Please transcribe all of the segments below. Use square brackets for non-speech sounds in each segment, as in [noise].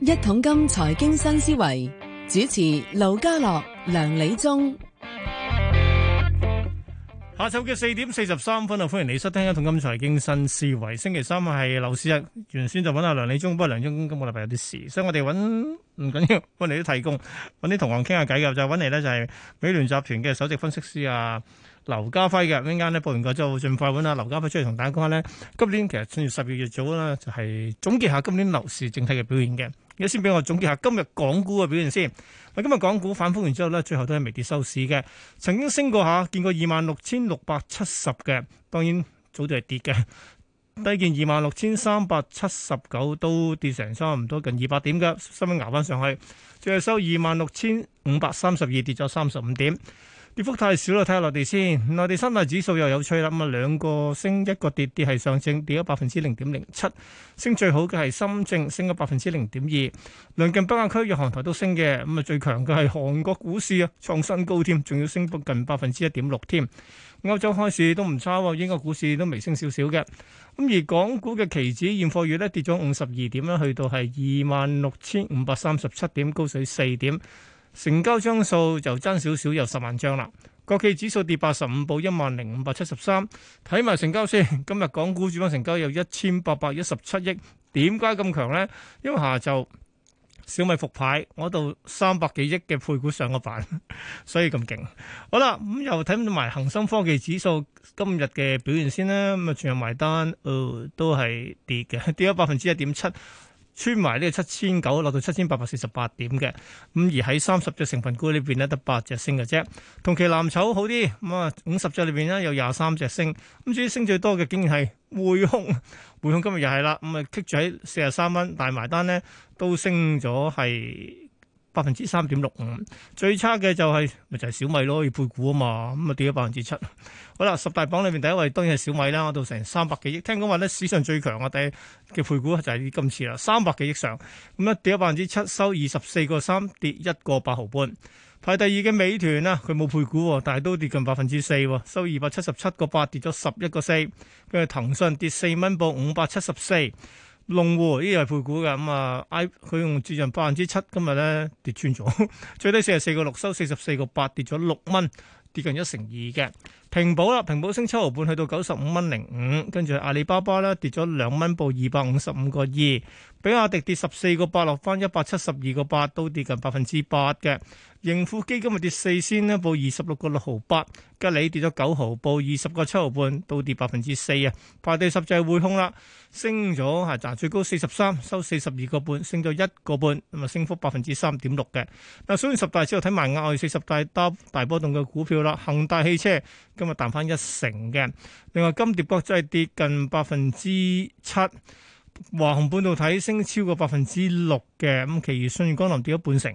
一桶金財經新思維，主持劉家樂、梁理忠，下晝嘅四點四十三分啊！歡迎你收聽一桶金財經新思維。星期三係樓市日，原先就揾阿梁理忠，不過梁忠今個禮拜有啲事，所以我哋揾唔緊要，揾嚟都提供，揾啲同行傾下偈噶，就揾嚟呢就係美聯集團嘅首席分析師啊。劉家輝嘅呢間咧報完個之後，盡快揾阿劉家輝出嚟同大家講下咧，今年其實進入十二月早啦，就係、是、總結下今年樓市整體嘅表現嘅。而家先俾我總結下今日港股嘅表現先。今日港股反覆完之後咧，最後都係微跌收市嘅。曾經升過下，見過二萬六千六百七十嘅，當然早就係跌嘅，低見二萬六千三百七十九，都跌成差唔多近二百點嘅，稍微捱翻上去，最後收二萬六千五百三十二，跌咗三十五點。跌幅太少啦，睇下內地先。內地三大指數又有趣啦，咁啊兩個升一個跌，跌，跌係上證跌咗百分之零點零七，升最好嘅係深證升咗百分之零點二。鄰近北亞區嘅韓台都升嘅，咁啊最強嘅係韓國股市啊，創新高添，仲要升近百分之一點六添。歐洲開市都唔差，英國股市都微升少少嘅。咁而港股嘅期指現貨月咧跌咗五十二點啦，去到係二萬六千五百三十七點，高水四點。成交張數就爭少少，有十萬張啦。國企指數跌八十五，報一萬零五百七十三。睇埋成交先，今日港股主板成交有一千八百一十七億。點解咁強咧？因為下晝小米復牌，我度三百幾億嘅配股上個板，所以咁勁。好啦，咁又睇埋恒生科技指數今日嘅表現先啦。咁啊全日埋單，誒、呃、都係跌嘅，跌咗百分之一點七。穿埋呢個七千九落到七千八百四十八點嘅。咁而喺三十隻成分股裏邊咧，得八隻升嘅啫。同期藍籌好啲，咁啊五十隻裏邊咧，有廿三隻升。咁至於升最多嘅竟然係匯控，匯控今日又係啦，咁啊，剔住喺四十三蚊大埋單咧都升咗係百分之三點六五，最差嘅就係、是、咪就係、是、小米咯？要配股啊嘛，咁啊跌咗百分之七。 [laughs] 好啦，十大榜裏面第一位當然係小米啦，我到成三百幾億。聽講話咧史上最強嘅第嘅配股就係今次啦，三百幾億上，咁啊跌咗百分之七，收二十四個三，跌一個八毫半。排第二嘅美團啊，佢冇配股，但係都跌近百分之四，收二百七十七個八，跌咗十一個四。跟住騰訊跌四蚊，報五百七十四。龍湖依又係配股嘅，咁啊，I 佢用接近百分之七，今日咧跌穿咗，最低四十四個六，收四十四個八，跌咗六蚊，跌近一成二嘅。平保啦，平保升七毫半，去到九十五蚊零五。跟住阿里巴巴咧跌咗兩蚊，報二百五十五個二。比亞迪跌十四個八，落翻一百七十二個八，都跌近百分之八嘅。盈富基金咪跌四先咧，報二十六個六毫八。吉利跌咗九毫，報二十個七毫半，都跌百分之四啊。排第十就係匯控啦，升咗吓，就係最高四十三，收四十二個半，升咗一個半，咁啊，升幅百分之三點六嘅。嗱，所以十大之後睇埋額外四十大大，大波動嘅股票啦，恒大汽車。今日彈翻一成嘅，另外金蝶國際跌近百分之七，華虹半導體升超過百分之六嘅，咁其餘信義江南跌咗半成。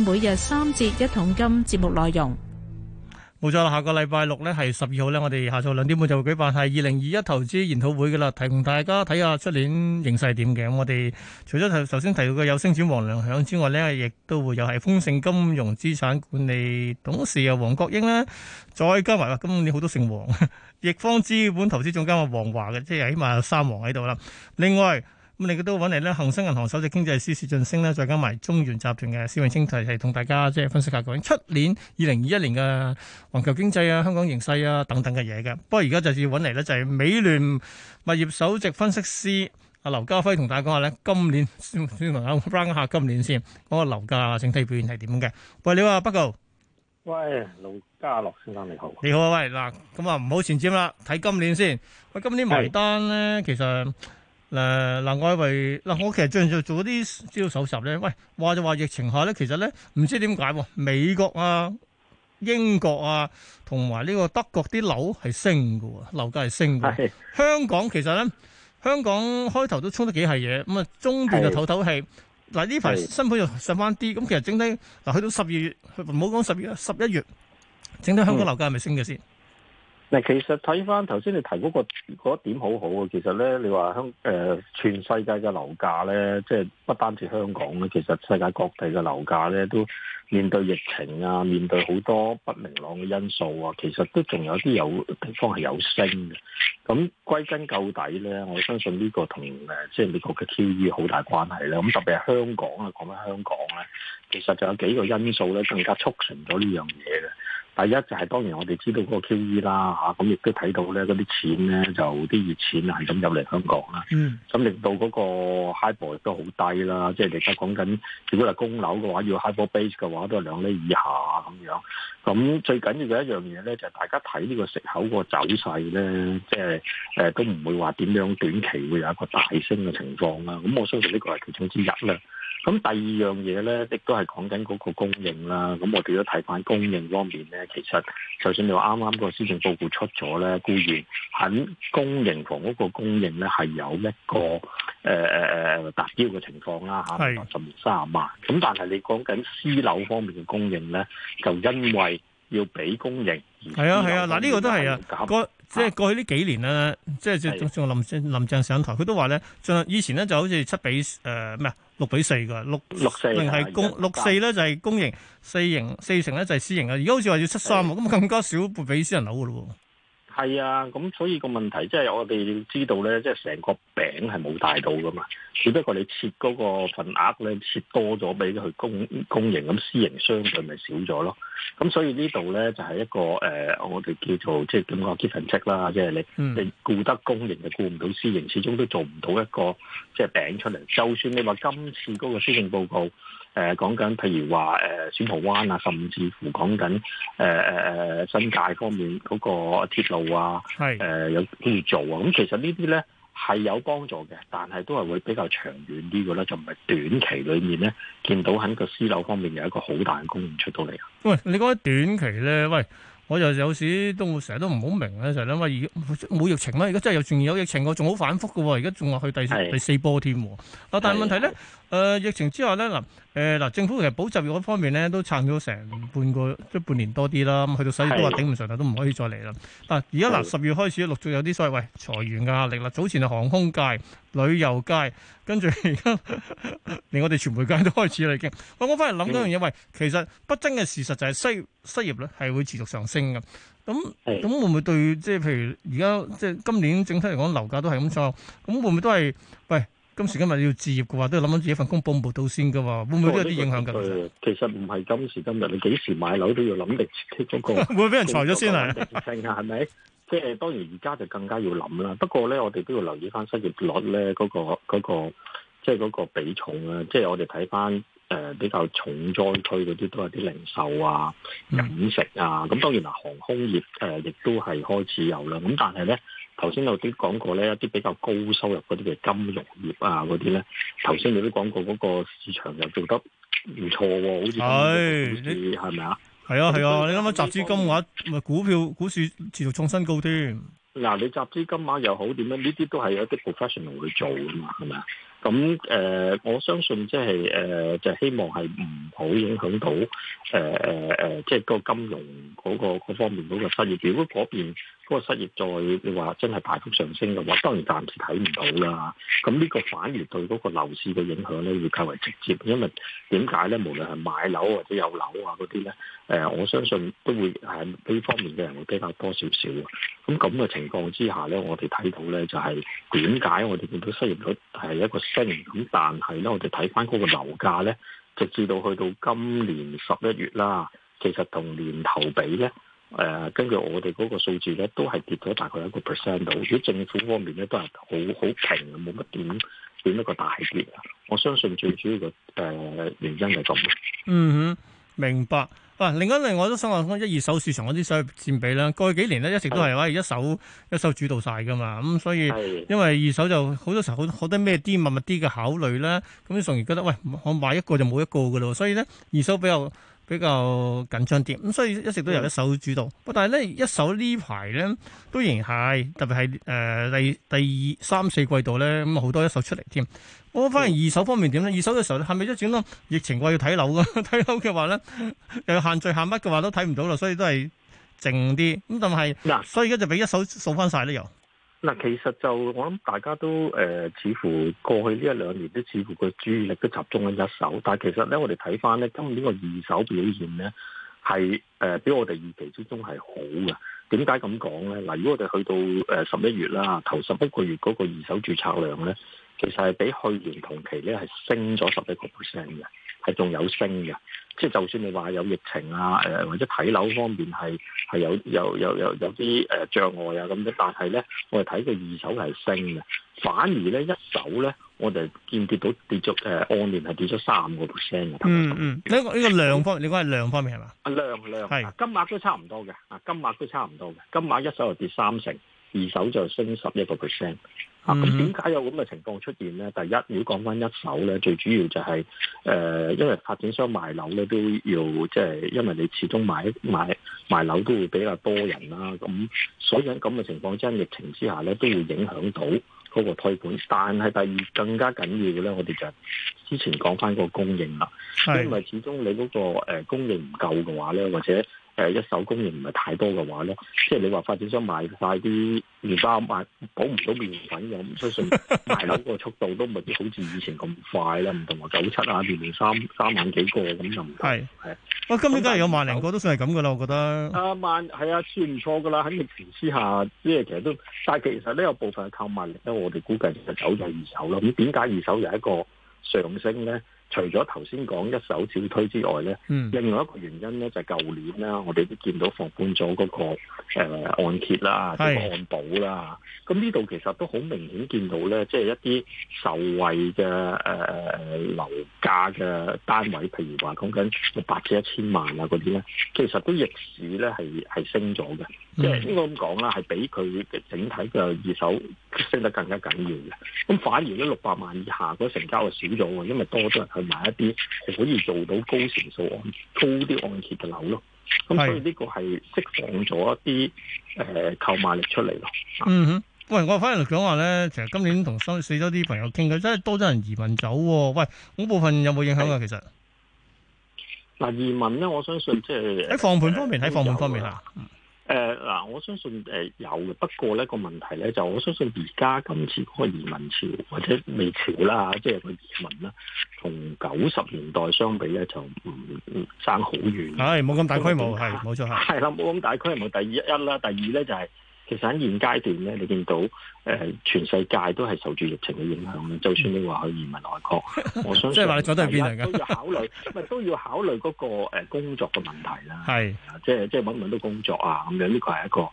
每日三節一桶金節目內容，冇錯啦。下個禮拜六呢係十二號呢，我哋下晝兩點半就會舉辦係二零二一投資研討會噶啦，提同大家睇下出年形勢係點嘅。我哋除咗頭先提到嘅有星展王良享之外呢，亦都會有係豐盛金融資產管理董事啊黃國英啦，再加埋啦，今年好多姓王，易 [laughs] 方資本投資總監啊王華嘅，即係起碼有三王喺度啦。另外。咁你嘅都揾嚟咧，恒生銀行首席經濟師薛俊升咧，再加埋中原集團嘅施永青，係係同大家即係分析下究竟出年、二零二一年嘅環球經濟啊、香港形勢啊等等嘅嘢嘅。不過而家就要揾嚟咧，就係美聯物業首席分析師阿劉嘉輝同大家講下咧，今年先先嚟講翻下今年先，嗰個樓價整體表現係點嘅。喂，你話不過？喂，劉嘉輝先生你好。你好啊，喂，嗱，咁啊，唔好前瞻啦，睇今年先。喂，今年埋單咧，其實。誒，嗱外圍，嗱、呃我,呃、我其實最近做做啲資料搜集咧，喂，話就話疫情下咧，其實咧唔知點解，美國啊、英國啊，同埋呢個德國啲樓係升嘅，樓價係升嘅。的香港其實咧，香港開頭都衝得幾係嘢，咁啊中段就透透氣。嗱呢排新盤又上翻啲，咁其實整體嗱去到十二月，唔好講十二月，十一月，整體香港樓價係咪升嘅先？的嗱，其實睇翻頭先你提嗰個點好好啊，其實咧，你話香誒全世界嘅樓價咧，即係不單止香港咧，其實世界各地嘅樓價咧都面對疫情啊，面對好多不明朗嘅因素啊，其實都仲有啲有地方係有升嘅。咁歸根究底咧，我相信呢個同誒、呃、即係美國嘅 QE 好大關係啦。咁特別係香港啊，講翻香港咧，其實就有幾個因素咧，更加促成咗呢樣嘢嘅。第一就係、是、當然，我哋知道嗰個 QE 啦、啊、嚇，咁亦都睇到咧嗰啲錢咧就啲熱錢係咁入嚟香港啦，咁、嗯、令到嗰個 HIBOR 亦都好低啦，即係而家講緊，如果係供樓嘅話，要 HIBOR base 嘅話都係兩厘以下咁樣。咁最緊要嘅一樣嘢咧，就係、是、大家睇呢個食口個走勢咧，即係誒都唔會話點樣短期會有一個大升嘅情況啦。咁我相信呢個係其中之一啦。咁第二樣嘢咧，亦都係講緊嗰個供應啦。咁、嗯、我哋都睇翻供應方面咧，其實就算你話啱啱個施政報告出咗咧，固然肯供應房屋個供應咧係有一個誒誒誒達標嘅情況啦吓，嚇，十年卅萬。咁但係你講緊私樓方面嘅供應咧，就因為要俾供應，係啊係啊，嗱呢、啊啊這個都係啊過即係過去呢幾年咧，啊、即係即係林正林鄭上台，佢都話咧，以前咧就好似七比誒咩啊？呃呃呃六比四噶，六六四，定係公六四咧就係公營，四營四成咧就係私營啊！而家好似話要七三喎，咁啊是的 更加少撥俾私人樓噶咯喎。係啊，咁所以個問題即係我哋知道咧，即係成個餅係冇大到噶嘛，只不過你切嗰個份額咧切多咗俾佢公公營咁，私營相對咪少咗咯。咁所以呢度咧就係一個誒、呃，我哋叫做即係點講？基層績啦，即、就、係、是、你、嗯、你顧得公營就顧唔到私營，始終都做唔到一個即係餅出嚟。就算你話今次嗰個施政報告。誒講緊，譬、呃、如話誒小蠔灣啊，甚至乎講緊誒誒誒新界方面嗰個鐵路啊，誒有跟住做啊。咁、嗯、其實呢啲咧係有幫助嘅，但係都係會比較長遠啲嘅咧，就唔係短期裏面咧見到喺個私樓方面有一個好大嘅供應出到嚟啊。喂，你覺得短期咧，喂？我就有時都成日都唔好明咧，成日諗話而冇疫情啦，而家真係有，仲有疫情我仲好反覆嘅喎，而家仲話去第四的第四波添。嗱，但係問題咧，誒的、呃、疫情之下咧，嗱誒嗱政府其實補習業嗰方面咧都撐咗成半個即半年多啲啦，咁去到細都話頂唔順，但都唔可以再嚟啦。但而家嗱十月開始陸續有啲所謂裁員嘅壓力啦，早前係航空界。旅遊界，跟住而家連我哋傳媒界都開始啦已經。 [laughs] 我講翻嚟諗一樣嘢，喂，其實不爭嘅事實就係失失業咧，係會持續上升嘅。咁咁會唔會對即係譬如而家即係今年整體嚟講樓價都係咁滯，咁會唔會都係喂今時今日要置業嘅話，都要諗緊自己一份工保唔保到先嘅嘛？會唔會都有啲影響㗎、哦這個？其實唔係今時今日，你幾時買樓都要諗定嗰個。 [laughs] 會唔會俾人裁咗先啊？定性係咪？即係當然，而家就更加要諗啦。不過咧，我哋都要留意翻失業率咧，嗰、嗰個、嗰個、即係嗰個比重啊。即係我哋睇翻誒比較重災區嗰啲都係啲零售啊、飲食啊。咁當然啦，航空業誒、呃、亦都係開始有啦。咁但係咧，頭先有啲講過咧，一啲比較高收入嗰啲嘅金融業啊嗰啲咧，頭先你都講過嗰個市場又做得唔錯喎，好似好似係咪啊？哎是係啊係啊，啊啊嗯、你諗下集資金額，咪股票股市持續創新高添？嗱、啊，你集資金額又好點樣？呢啲都係有啲 professional 去做噶嘛，係咪啊？咁誒、呃，我相信即係誒，就是、希望係唔好影響到誒誒誒，即、呃、係、呃就是、個金融嗰、嗰個方面嗰個生意。如果嗰嗰個失業再你話真係大幅上升嘅話，當然暫時睇唔到啦。咁呢個反而對嗰個樓市嘅影響咧，會較為直接，因為點解咧？無論係買樓或者有樓啊嗰啲咧，誒，我相信都會係呢方面嘅人會比較多少少。咁咁嘅情況之下咧，我哋睇到咧就係點解我哋見到失業率係一個升，咁但係咧我哋睇翻嗰個樓價咧，直至到去到今年十一月啦，其實同年頭比咧。誒、呃，根據我哋嗰個數字咧，都係跌咗大概一個 percent 度。如果政府方面咧，都係好好平，冇乜點變一個大跌。我相信最主要嘅誒、呃、原因係咁。嗯哼，明白。哇、啊，另一樣我都想話一二手市場嗰啲收入佔比咧，過去幾年咧，一直都係喂是一手一手主導晒噶嘛。咁、嗯、所以是因為二手就好多時候好多咩啲密密啲嘅考慮啦。咁你從而覺得喂，我買一個就冇一個噶咯。所以咧，二手比較。比較緊張啲，咁所以一直都由一手主導。但係咧，一手呢排咧都仍然係，特別係誒、呃、第第二三四季度咧，咁好多一手出嚟添。我反而二手方面點咧？二手嘅時候係咪一轉到疫情嘅要睇樓㗎？睇 [laughs] 樓嘅話咧，又有限聚，限乜嘅話都睇唔到啦，所以都係靜啲。咁但係，所以而家就俾一手掃翻晒咧又。嗱，其實就我諗大家都誒、呃，似乎過去呢一兩年都似乎個注意力都集中喺一手，但係其實咧，我哋睇返咧今年個二手表現咧係誒比我哋預期之中係好嘅。點解咁講咧？嗱，如果我哋去到誒十一月啦，頭十一個月嗰個二手註冊量咧，其實係比去年同期咧係升咗十幾個 percent 嘅，係仲有升嘅。即係就，就算你話有疫情啊，誒、呃、或者睇樓方面係係有有有有有啲誒、呃、障礙啊咁樣，但係咧我哋睇佢二手係升嘅，反而咧一手咧我哋見跌到跌咗誒按年係跌咗三個 percent 嘅。嗯嗯，呢、這個呢、這個量方面，嗯、你講係量方面係嘛？量量係是金額都差唔多嘅，啊金額都差唔多嘅，金額一手就跌三成，二手就升十一個 percent。啊！咁點解有咁嘅情況出現咧？第一，如果講翻一手咧，最主要就係、是、誒、呃，因為發展商賣樓咧都要即係，就是、因為你始終買買賣樓都會比較多人啦。咁所以喺咁嘅情況之下，疫情之下咧，都會影響到嗰個推盤。但係第二更加緊要嘅咧，我哋就之前講翻個供應啦，是因為始終你嗰個供應唔夠嘅話咧，或者。誒一手供應唔係太多嘅話咧，即係你話發展商賣快啲麵包賣，補唔到麪粉嘅，我唔相信賣 [laughs] 樓個速度都唔係好似以前咁快啦，唔同話九七啊，年年三三萬幾個咁就唔同。係係，我、啊、今年梗係有萬零但個都算係咁噶啦，我覺得。誒萬係啊，啊算唔錯噶啦，喺疫情之下，即係其實都，但係其實呢，有部分嘅購買力咧，我哋估計其實走咗二手咯。咁點解二手又係一個上升咧？除咗頭先講一手少推之外咧，嗯、另外一個原因咧就係、是、舊年啦，我哋都見到放寬咗嗰個呃、按揭啦，即係按保啦。咁呢度其實都好明顯見到咧，即、就、係、是、一啲受惠嘅誒樓價嘅單位，譬如話講緊八至一千萬啊嗰啲咧，其實都逆市咧係係升咗嘅。即係是、嗯、應該咁講啦，係比佢嘅整體嘅二手。升得更加緊要嘅，咁反而咧六百萬以下嗰成交就少咗喎，因為多咗人去買一啲可以做到高成數按高啲按揭嘅樓咯，咁是所以呢個係釋放咗一啲誒購買力出嚟咯。嗯哼，喂，我反而講話咧，其實今年同新四周啲朋友傾偈，真係多咗人移民走喎、啊。喂，嗰部分有冇影響啊？其實嗱，移民咧，我相信即係喺放盤方面，喺放盤方面嚇。呃誒嗱，呃，我相信誒，呃，有嘅，不過咧個問題咧就，我相信而家今次嗰個移民潮或者未潮啦，即係個移民啦，同九十年代相比咧就唔唔爭好遠，係冇咁大規模，係冇錯，係啦，冇咁大規模，第一一啦，第二咧就係，是。其實喺現階段咧，你見到誒、呃、全世界都係受住疫情嘅影響啦。就算你話去移民外國， [laughs] 我相信即係話覺得遠嚟嘅， [laughs] 都要考慮，咪 [laughs] 都要考慮嗰個工作嘅問題啦。係、 [laughs] 就是，即係即係揾唔揾到工作啊咁樣，呢個係一個。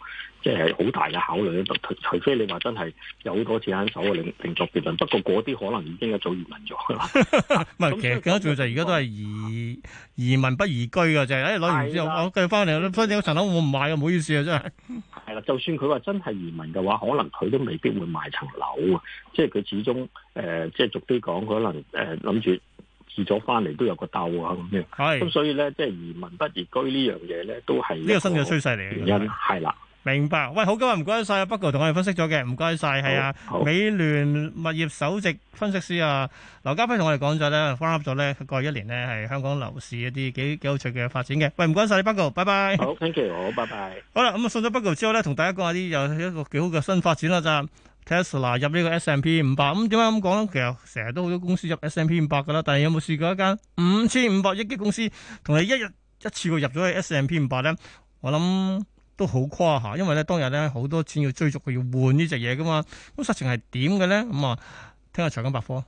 即係好大嘅考慮喺度，除非你話真係有好多錢喺手，另另作別論。不過嗰啲可能已經一早移民咗啦。咁 [laughs] 其實幾多最就而家都係移移民不移居嘅，就係攞完之後的我繼續翻嚟，翻咗層樓我唔買啊！唔好意思啊，真係。係啦，就算佢話真係移民嘅話，可能佢都未必會賣層樓啊。即係佢始終誒、呃，即係逐啲講，可能誒諗住遲咗翻嚟都有個竇啊咁樣。係、嗯、咁，的所以咧即係移民不移居呢樣嘢咧，都係呢個新嘅趨勢嚟嘅原因係啦。明白，喂，好，今日唔該晒啊 Bago 同我哋分析咗嘅。唔該晒，係好啊，好美聯物業首席分析師啊，劉嘉輝同我哋講咗咧，分析咗咧，過去一年咧係香港樓市一啲幾幾有趣嘅發展嘅，喂，唔該晒你 Bago 拜拜。好，Thank you，好，拜拜。好啦，咁啊、嗯，送咗 Bago 之後咧，同大家講下啲又一個幾好嘅新發展啦，咋、就是、Tesla 入、S 嗯、麼麼呢個 S&P 五百，咁點解咁講咧？其實成日都好多公司入 S&P 五百噶啦，但係有冇試過一間五千五百億嘅公司同你一日一次過入咗去 S&P 五百咧？我諗。都好誇下，因為咧當日咧好多錢要追逐佢，要換呢隻嘢㗎嘛。咁實情係點嘅咧？咁、嗯、啊，聽下財金百科。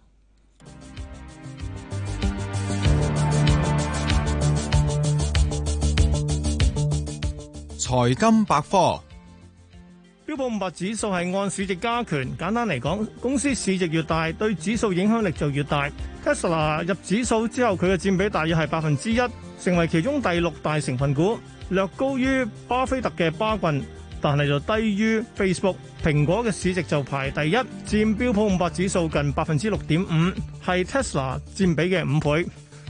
財金百科，標普五百指數係按市值加權，簡單嚟講，公司市值越大，對指數影響力就越大。Tesla 入指數之後，佢嘅佔比大約係百分之一，成為其中第六大成分股。略高於巴菲特嘅巴郡，但係就低於 Facebook、蘋果嘅市值就排第一，佔標普五百指數近百分之六點五，係 Tesla 佔比嘅五倍。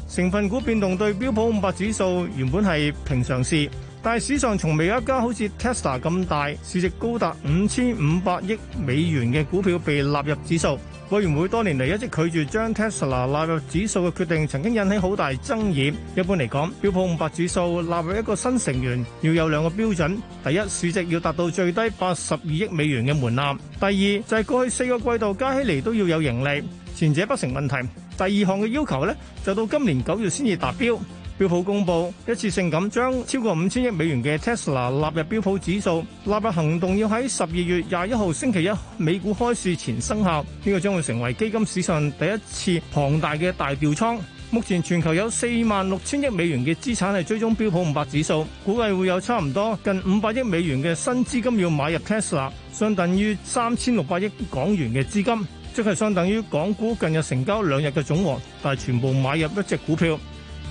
成分股變動對標普五百指數原本係平常事，但係史上從未有一家好似 Tesla 咁大市值高達五千五百億美元嘅股票被納入指數。委員會多年嚟一直拒絕將 Tesla 納入指數嘅決定，曾經引起好大爭議。一般嚟講，標普五百指數納入一個新成員要有兩個標準：第一，市值要達到最低八十二億美元嘅門檻；第二，就係過去四個季度加起嚟都要有盈利。前者不成問題，第二項嘅要求呢，就到今年九月先至達標。標普公布，一次性咁將超過五千億美元嘅 Tesla 納入標普指數，納入行動要喺十二月廿一號星期一美股開市前生效。呢、這個將會成為基金史上第一次龐大嘅大調倉。目前全球有四萬六千億美元嘅資產係追蹤標普五百指數，估計會有差唔多近五百億美元嘅新資金要買入 Tesla，相等於三千六百億港元嘅資金，即係相等於港股近日成交兩日嘅總和，但係全部買入一隻股票。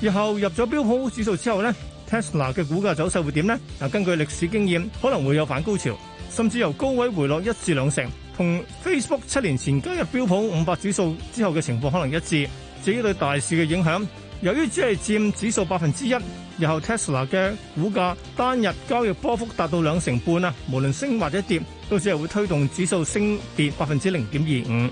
然後入咗標普指數之後呢 Tesla 嘅股價走勢會點呢？嗱，根據歷史經驗，可能會有反高潮，甚至由高位回落一至兩成，同 Facebook 七年前加入標普五百指數之後嘅情況可能一致。至於對大市嘅影響，由於只係佔指數百分之一，然後 Tesla 嘅股價單日交易波幅達到兩成半啊，無論升或者跌，都只係會推動指數升跌百分之零點二五。